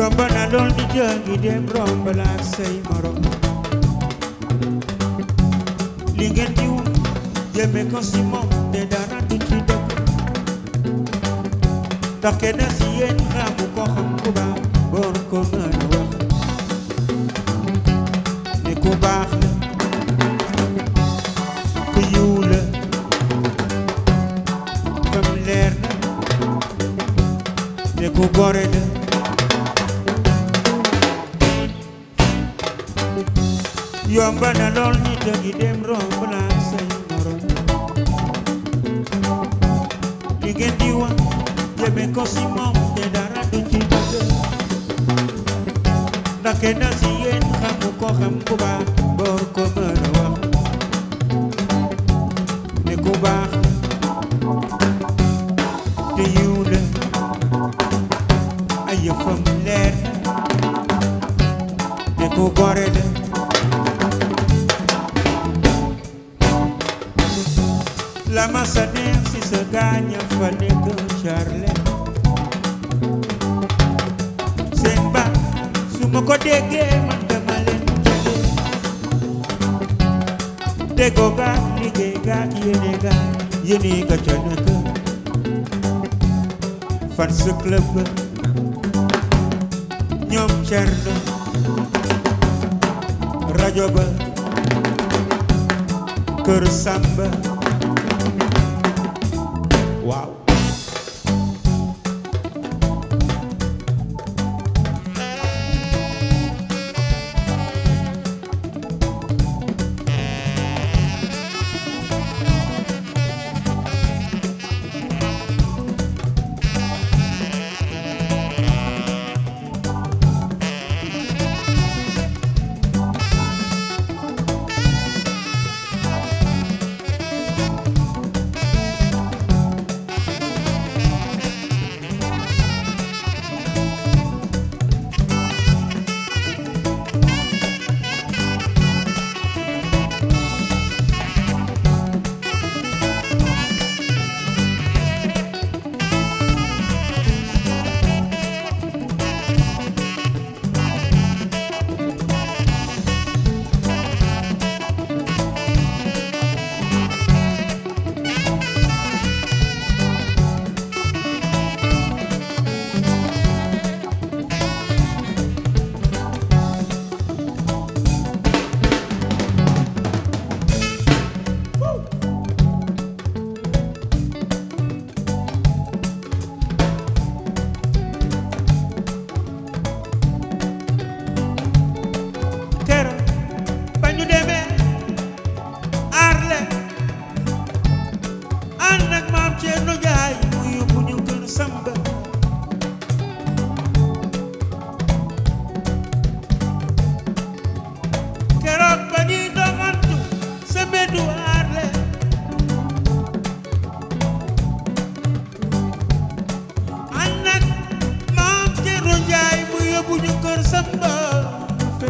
yomb na lool di jàngi dem romb laak say morom li ngeen di wut jëme ko si moom te dara du ci dëkk ndax kenn si yéen ko xam ku baax boor ko mën a wax ne ku baax la ku yiw leer na ne ku gore la yomb na lool nit a ngi dem romb naa say morom li di wax jëme ko si te dara du ci dëgg ndax kenn si yéen xamu ko xam bu baax boor ko mën wax ne ku baax te yiw ay yëfam leer ne ku gore la massa neex si sa gaañ a fa nekk charle seen ba su ma ko déggee man dama leen jële déggoo ga liggéey ga yéene ga yéene ga ca nekk fan sa club ba ñoom rajo ba kër Samba waaw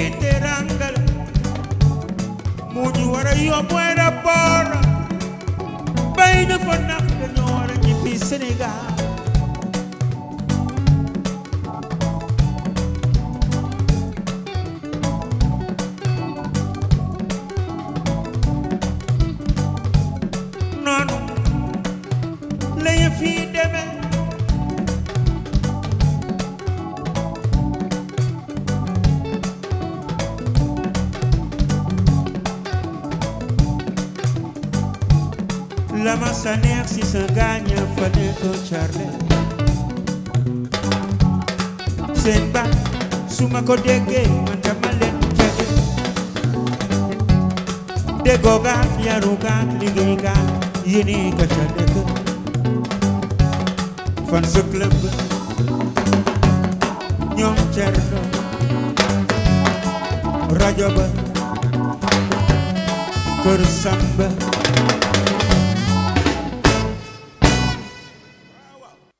lii teranga war a yóbbu aéroport bay na fa ndax dañoo war a ñibbi Sénégal noonu la la massa neex si sa gaañ fa nekk carle seen ba su ma ko déggee man dama leen jege déggoo gaak yaru liggéey gaak yéene ga ca dëkk fan sa club ñoom cerno rajo ba kër samba